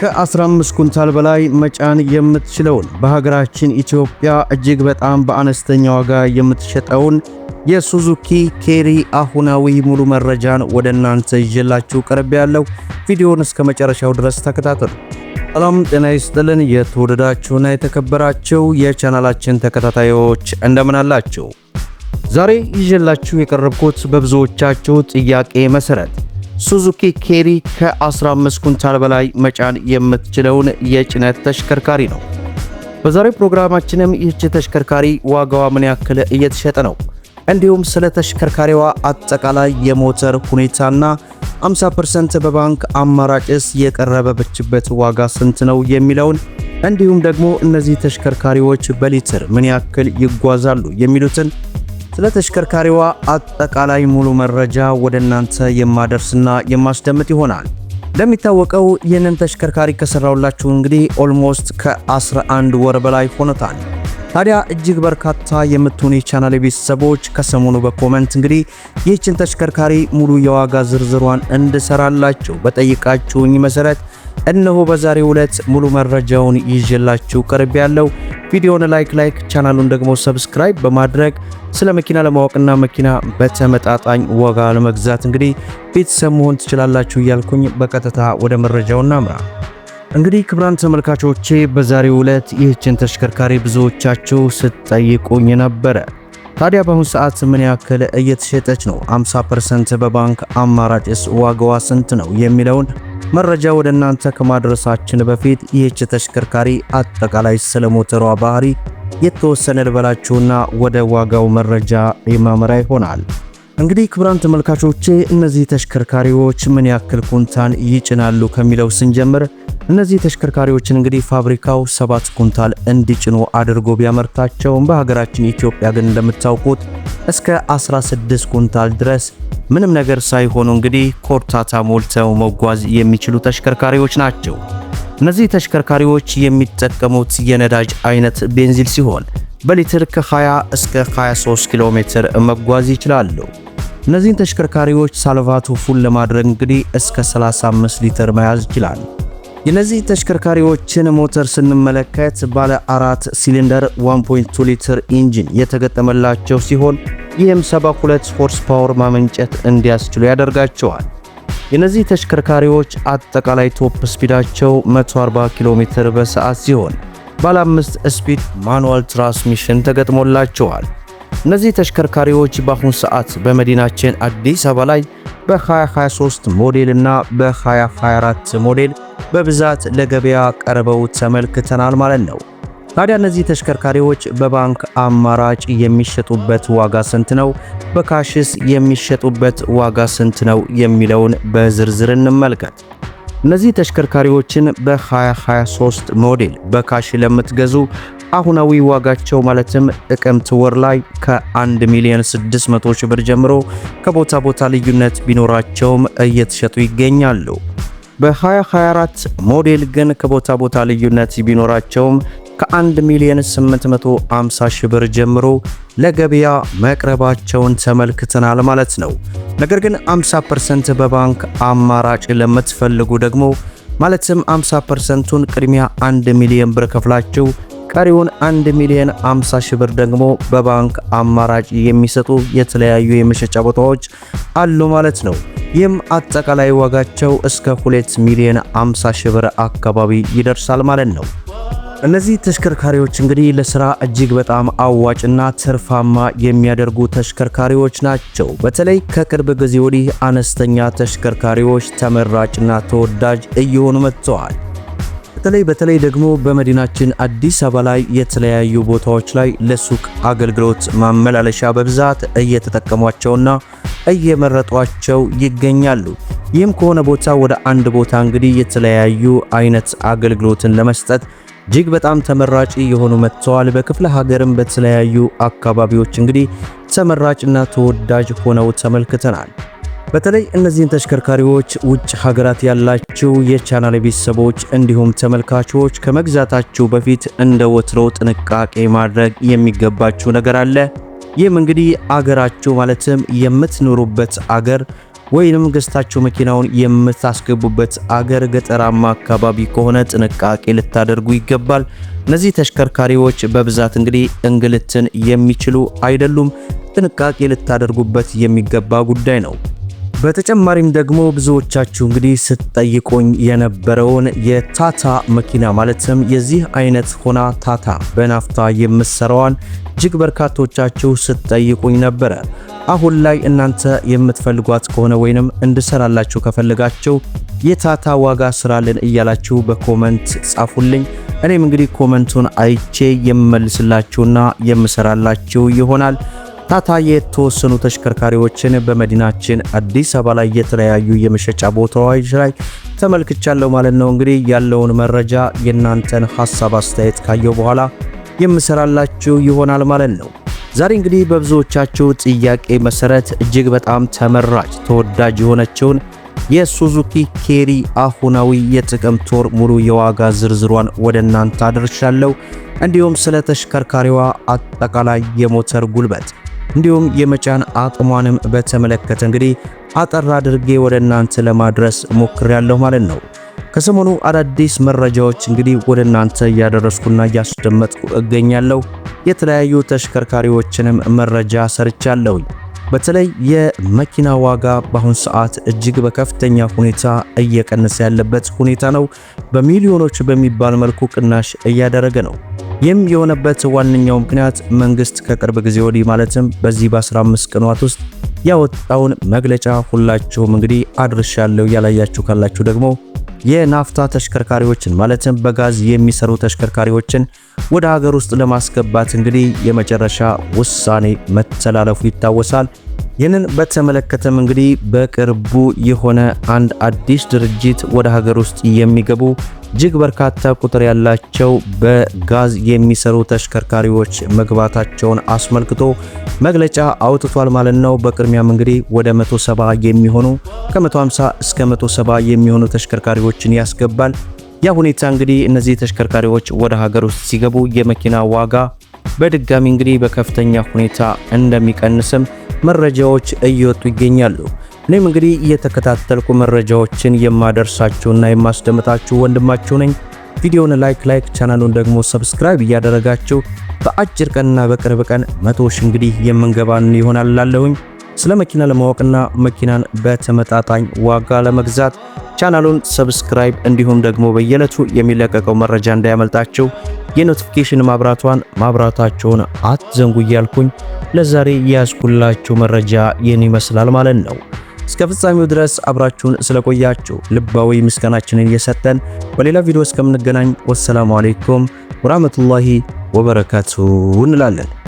ከ15 ኩንታል በላይ መጫን የምትችለውን በሀገራችን ኢትዮጵያ እጅግ በጣም በአነስተኛ ዋጋ የምትሸጠውን የሱዙኪ ኬሪ አሁናዊ ሙሉ መረጃን ወደ እናንተ ይዤላችሁ ቀርብ ያለው ቪዲዮን እስከ መጨረሻው ድረስ ተከታተሉ። ሰላም ጤና ይስጥልን። የተወደዳችሁና የተከበራችሁ የቻናላችን ተከታታዮች እንደምን አላችሁ? ዛሬ ይዤላችሁ የቀረብኩት በብዙዎቻችሁ ጥያቄ መሰረት ሱዙኪ ኬሪ ከ15 ኩንታል በላይ መጫን የምትችለውን የጭነት ተሽከርካሪ ነው። በዛሬው ፕሮግራማችንም ይህች ተሽከርካሪ ዋጋዋ ምን ያክል እየተሸጠ ነው፣ እንዲሁም ስለ ተሽከርካሪዋ አጠቃላይ የሞተር ሁኔታና 50% በባንክ አማራጭስ የቀረበበችበት ዋጋ ስንት ነው የሚለውን እንዲሁም ደግሞ እነዚህ ተሽከርካሪዎች በሊትር ምን ያክል ይጓዛሉ የሚሉትን ስለ ተሽከርካሪዋ አጠቃላይ ሙሉ መረጃ ወደ እናንተ የማደርስና የማስደምጥ ይሆናል። እንደሚታወቀው ይህንን ተሽከርካሪ ከሰራውላችሁ እንግዲህ ኦልሞስት ከ11 ወር በላይ ሆኖታል። ታዲያ እጅግ በርካታ የምትሆኑ የቻናል ቤተሰቦች ከሰሞኑ በኮመንት እንግዲህ ይህችን ተሽከርካሪ ሙሉ የዋጋ ዝርዝሯን እንድሰራላችሁ በጠይቃችሁኝ መሰረት እነሆ በዛሬው ዕለት ሙሉ መረጃውን ይዤላችሁ ቀርቤ ያለው ቪዲዮን ላይክ ላይክ ቻናሉን ደግሞ ሰብስክራይብ በማድረግ ስለ መኪና ለማወቅና መኪና በተመጣጣኝ ዋጋ ለመግዛት እንግዲህ ቤተሰብ መሆን ትችላላችሁ እያልኩኝ በቀጥታ ወደ መረጃው እናምራ። እንግዲህ ክብራን ተመልካቾቼ በዛሬው ዕለት ይህችን ተሽከርካሪ ብዙዎቻችሁ ስትጠይቁኝ ነበረ። ታዲያ በአሁኑ ሰዓት ምን ያክል እየተሸጠች ነው? 50 በባንክ አማራጭስ ዋጋዋ ስንት ነው? የሚለውን መረጃ ወደ እናንተ ከማድረሳችን በፊት ይህች ተሽከርካሪ አጠቃላይ ስለ ሞተሯ ባህሪ የተወሰነ ልበላችሁና ወደ ዋጋው መረጃ የማመራ ይሆናል። እንግዲህ ክቡራን ተመልካቾቼ እነዚህ ተሽከርካሪዎች ምን ያክል ኩንታን ይጭናሉ ከሚለው ስንጀምር እነዚህ ተሽከርካሪዎችን እንግዲህ ፋብሪካው ሰባት ኩንታል እንዲጭኑ አድርጎ ቢያመርታቸውም በሀገራችን ኢትዮጵያ ግን እንደምታውቁት እስከ 16 ኩንታል ድረስ ምንም ነገር ሳይሆኑ እንግዲህ ኮርታታ ሞልተው መጓዝ የሚችሉ ተሽከርካሪዎች ናቸው። እነዚህ ተሽከርካሪዎች የሚጠቀሙት የነዳጅ አይነት ቤንዚል ሲሆን በሊትር ከ20 እስከ 23 ኪሎ ሜትር መጓዝ ይችላሉ። እነዚህን ተሽከርካሪዎች ሳልቫቶ ፉል ለማድረግ እንግዲህ እስከ 35 ሊትር መያዝ ይችላል። የነዚህ ተሽከርካሪዎችን ሞተር ስንመለከት ባለ አራት ሲሊንደር 1.2 ሊትር ኢንጂን የተገጠመላቸው ሲሆን ይህም 72 ሆርስ ፓወር ማመንጨት እንዲያስችሉ ያደርጋቸዋል። የነዚህ ተሽከርካሪዎች አጠቃላይ ቶፕ ስፒዳቸው 140 ኪሎ ሜትር በሰዓት ሲሆን ባለ አምስት ስፒድ ማኑዋል ትራንስሚሽን ተገጥሞላቸዋል። እነዚህ ተሽከርካሪዎች በአሁኑ ሰዓት በመዲናችን አዲስ አበባ ላይ በ2023 ሞዴል እና በ2024 ሞዴል በብዛት ለገበያ ቀርበው ተመልክተናል ማለት ነው። ታዲያ እነዚህ ተሽከርካሪዎች በባንክ አማራጭ የሚሸጡበት ዋጋ ስንት ነው? በካሽስ የሚሸጡበት ዋጋ ስንት ነው? የሚለውን በዝርዝር እንመልከት። እነዚህ ተሽከርካሪዎችን በ2023 ሞዴል በካሽ ለምትገዙ አሁናዊ ዋጋቸው ማለትም ጥቅምት ወር ላይ ከ1 ሚሊዮን 600 ሺህ ብር ጀምሮ ከቦታ ቦታ ልዩነት ቢኖራቸውም እየተሸጡ ይገኛሉ። በ2024 ሞዴል ግን ከቦታ ቦታ ልዩነት ቢኖራቸውም ከ1 ሚሊዮን 850 ሺህ ብር ጀምሮ ለገበያ መቅረባቸውን ተመልክተናል ማለት ነው። ነገር ግን 50% በባንክ አማራጭ ለምትፈልጉ ደግሞ ማለትም 50%ቱን ቅድሚያ 1 ሚሊዮን ብር ከፍላችሁ ቀሪውን 1 ሚሊዮን 50 ሺህ ብር ደግሞ በባንክ አማራጭ የሚሰጡ የተለያዩ የመሸጫ ቦታዎች አሉ ማለት ነው። ይህም አጠቃላይ ዋጋቸው እስከ 2 ሚሊዮን 50 ሺህ ብር አካባቢ ይደርሳል ማለት ነው። እነዚህ ተሽከርካሪዎች እንግዲህ ለስራ እጅግ በጣም አዋጭና ትርፋማ የሚያደርጉ ተሽከርካሪዎች ናቸው። በተለይ ከቅርብ ጊዜ ወዲህ አነስተኛ ተሽከርካሪዎች ተመራጭና ተወዳጅ እየሆኑ መጥተዋል። በተለይ በተለይ ደግሞ በመዲናችን አዲስ አበባ ላይ የተለያዩ ቦታዎች ላይ ለሱቅ አገልግሎት ማመላለሻ በብዛት እየተጠቀሟቸውና እየመረጧቸው ይገኛሉ። ይህም ከሆነ ቦታ ወደ አንድ ቦታ እንግዲህ የተለያዩ አይነት አገልግሎትን ለመስጠት እጅግ በጣም ተመራጭ የሆኑ መጥተዋል። በክፍለ ሀገርም በተለያዩ አካባቢዎች እንግዲህ ተመራጭና ተወዳጅ ሆነው ተመልክተናል። በተለይ እነዚህን ተሽከርካሪዎች ውጭ ሀገራት ያላችሁ የቻናል ቤተሰቦች እንዲሁም ተመልካቾች ከመግዛታችሁ በፊት እንደ ወትሮ ጥንቃቄ ማድረግ የሚገባችሁ ነገር አለ። ይህም እንግዲህ አገራችሁ ማለትም የምትኖሩበት አገር ወይንም ገዝታችሁ መኪናውን የምታስገቡበት አገር ገጠራማ አካባቢ ከሆነ ጥንቃቄ ልታደርጉ ይገባል። እነዚህ ተሽከርካሪዎች በብዛት እንግዲህ እንግልትን የሚችሉ አይደሉም። ጥንቃቄ ልታደርጉበት የሚገባ ጉዳይ ነው። በተጨማሪም ደግሞ ብዙዎቻችሁ እንግዲህ ስትጠይቁኝ የነበረውን የታታ መኪና ማለትም የዚህ አይነት ሆና ታታ በናፍታ የምትሰራዋን እጅግ በርካቶቻችሁ ስትጠይቁኝ ነበረ። አሁን ላይ እናንተ የምትፈልጓት ከሆነ ወይንም እንድሰራላችሁ ከፈልጋችሁ የታታ ዋጋ ስራልን እያላችሁ በኮመንት ጻፉልኝ። እኔም እንግዲህ ኮመንቱን አይቼ የምመልስላችሁና የምሰራላችሁ ይሆናል። በርካታ የተወሰኑ ተሽከርካሪዎችን በመዲናችን አዲስ አበባ ላይ የተለያዩ የመሸጫ ቦታዎች ላይ ተመልክቻለሁ ማለት ነው። እንግዲህ ያለውን መረጃ የእናንተን ሀሳብ አስተያየት ካየው በኋላ የምሰራላችሁ ይሆናል ማለት ነው። ዛሬ እንግዲህ በብዙዎቻችሁ ጥያቄ መሰረት እጅግ በጣም ተመራጭ ተወዳጅ የሆነችውን የሱዙኪ ኬሪ አሁናዊ የጥቅምት ወር ሙሉ የዋጋ ዝርዝሯን ወደ እናንተ አደርሻለሁ። እንዲሁም ስለ ተሽከርካሪዋ አጠቃላይ የሞተር ጉልበት እንዲሁም የመጫን አቅሟንም በተመለከተ እንግዲህ አጠር አድርጌ ወደ እናንተ ለማድረስ ሞክሬያለሁ ማለት ነው። ከሰሞኑ አዳዲስ መረጃዎች እንግዲህ ወደ እናንተ እያደረስኩና እያስደመጥኩ እገኛለሁ። የተለያዩ ተሽከርካሪዎችንም መረጃ ሰርቻለሁ። በተለይ የመኪና ዋጋ በአሁን ሰዓት እጅግ በከፍተኛ ሁኔታ እየቀነሰ ያለበት ሁኔታ ነው። በሚሊዮኖች በሚባል መልኩ ቅናሽ እያደረገ ነው። ይህም የሆነበት ዋነኛው ምክንያት መንግስት ከቅርብ ጊዜ ወዲህ ማለትም በዚህ በ15 ቀናት ውስጥ ያወጣውን መግለጫ ሁላችሁም እንግዲህ አድርሻለሁ። ያላያችሁ ካላችሁ ደግሞ የናፍታ ተሽከርካሪዎችን ማለትም በጋዝ የሚሰሩ ተሽከርካሪዎችን ወደ ሀገር ውስጥ ለማስገባት እንግዲህ የመጨረሻ ውሳኔ መተላለፉ ይታወሳል። ይህንን በተመለከተም እንግዲህ በቅርቡ የሆነ አንድ አዲስ ድርጅት ወደ ሀገር ውስጥ የሚገቡ እጅግ በርካታ ቁጥር ያላቸው በጋዝ የሚሰሩ ተሽከርካሪዎች መግባታቸውን አስመልክቶ መግለጫ አውጥቷል ማለት ነው። በቅድሚያም እንግዲህ ወደ 170 የሚሆኑ ከ150 እስከ 170 የሚሆኑ ተሽከርካሪዎችን ያስገባል። ያ ሁኔታ እንግዲህ እነዚህ ተሽከርካሪዎች ወደ ሀገር ውስጥ ሲገቡ የመኪና ዋጋ በድጋሚ እንግዲህ በከፍተኛ ሁኔታ እንደሚቀንስም መረጃዎች እየወጡ ይገኛሉ። እኔም እንግዲህ እየተከታተልኩ መረጃዎችን የማደርሳችሁና የማስደምጣችሁ ወንድማችሁ ነኝ። ቪዲዮውን ላይክ ላይክ ቻናሉን ደግሞ ሰብስክራይብ እያደረጋችሁ በአጭር ቀንና በቅርብ ቀን መቶ ሺህ እንግዲህ የምንገባን ይሆናል ላለሁኝ። ስለ መኪና ለማወቅና መኪናን በተመጣጣኝ ዋጋ ለመግዛት ቻናሉን ሰብስክራይብ እንዲሁም ደግሞ በየዕለቱ የሚለቀቀው መረጃ እንዳያመልጣችሁ የኖቲፊኬሽን ማብራቷን ማብራታችሁን አትዘንጉ እያልኩኝ ለዛሬ ያዝኩላችሁ መረጃ ይህን ይመስላል ማለት ነው። እስከ ፍጻሜው ድረስ አብራችሁን ስለቆያችሁ ልባዊ ምስጋናችንን እየሰጠን በሌላ ቪዲዮ እስከምንገናኝ ወሰላሙ አሌይኩም ወራህመቱላሂ ወበረካቱ እንላለን።